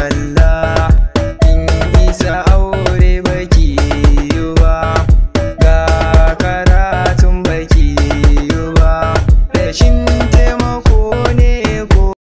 Allah